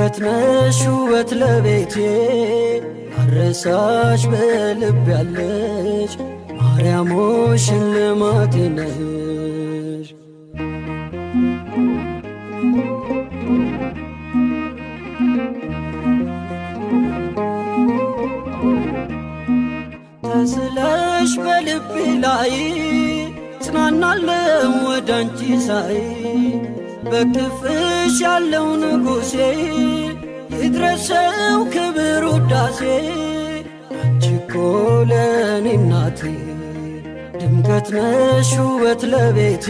ውበት ውበት ለቤቴ አረሳሽ በልብ ያለች ማርያም ሽልማቴ ነሽ። ተስለሽ በልቤ ላይ ጽናናለው ወዳንቺ ሳይ በክፍሽ ያለው ንጉሴ ይድረሰው ክብር ውዳሴ። አንቺኮ ለኔ እናቴ ድምቀት ነሽ ውበት ለቤቴ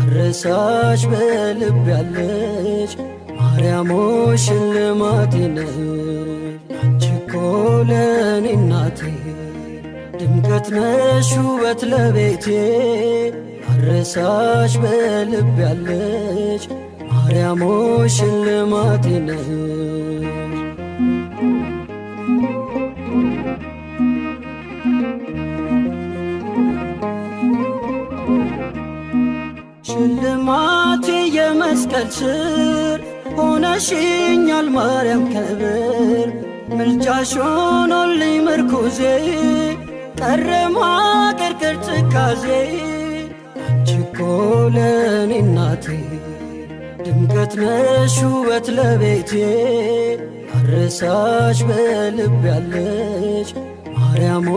አረሳሽ በልብ ያለች ማርያሞ ሽልማቴ ነሽ አንቺኮ ለኔ እናቴ ድምቀት ነሽ ውበት ለቤቴ አረሳሽ በልብ ያለች ማርያሞ ሽልማቴ ነሽ ሽልማቴ የመስቀል ስር ሆነሽኛል ማርያም ክብር ምልጃሽ ሆኖልኝ ምርኩዜ ቀረማ ቅርቅር ጭካዜ ችኮለኔ እናቴ ድምቀት ነሽ ውበት ለቤቴ አረሳሽ በልብ ያለሽ ማርያሞ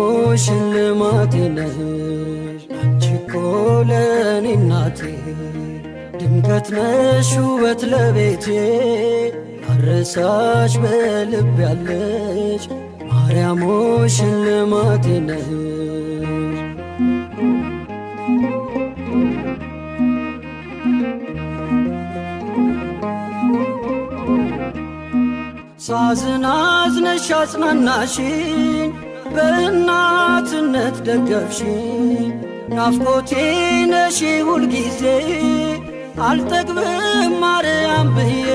ሽልማቴ ነሽ ችኮለኔ እናቴ ድምቀት ነሽ ውበት ለቤቴ አረሳሽ በልብ ያለች። ማርያም ሽልማቴ ነሽ ሳዝን አዝነሽ አጽናናሽኝ በእናትነት ደገፍሽኝ ናፍቆቴ ነሽ ጊዜ አልጠግብም ማርያም ብዬ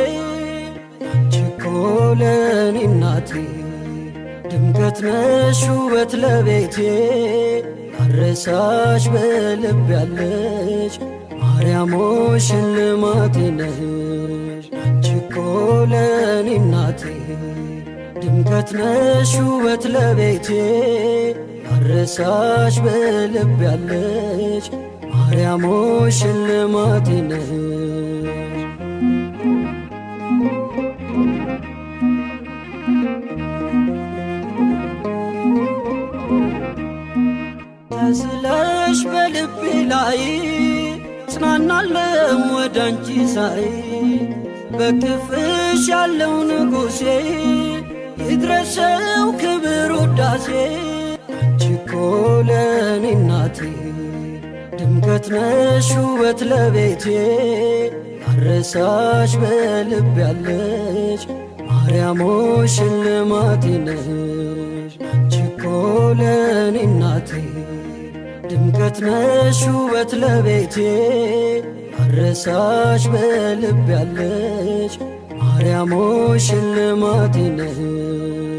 ችኮለኔ እናቴ ድምቀት ነሽ ውበት ለቤቴ አረሳሽ በልብ ያለሽ ማርያሞሽ ሽልማቴ ነሽ አንቺ እኮ ለኔ እናቴ ድምቀት ነሽ ውበት ለቤቴ አረሳሽ በልብ ያለሽ ማርያሞሽ ሽልማቴ ነሽ ተስለሽ በልቤ ላይ ጽናናለም ወደ አንቺ ሳይ በክፍሽ ያለው ንጉሴ ይድረሰው ክብር ውዳሴ አንቺኮ ለኔ እናቴ ድምቀት ነሽ ውበት ለቤቴ አረሳሽ በልብ ያለች ማርያሞ ሽልማቴ ነሽ አንቺኮ ለኔ እናቴ ድምቀት ነሽ ውበት ለቤቴ አረሳሽ በልብ ያለሽ ማርያሞ ሽልማቴ ነሽ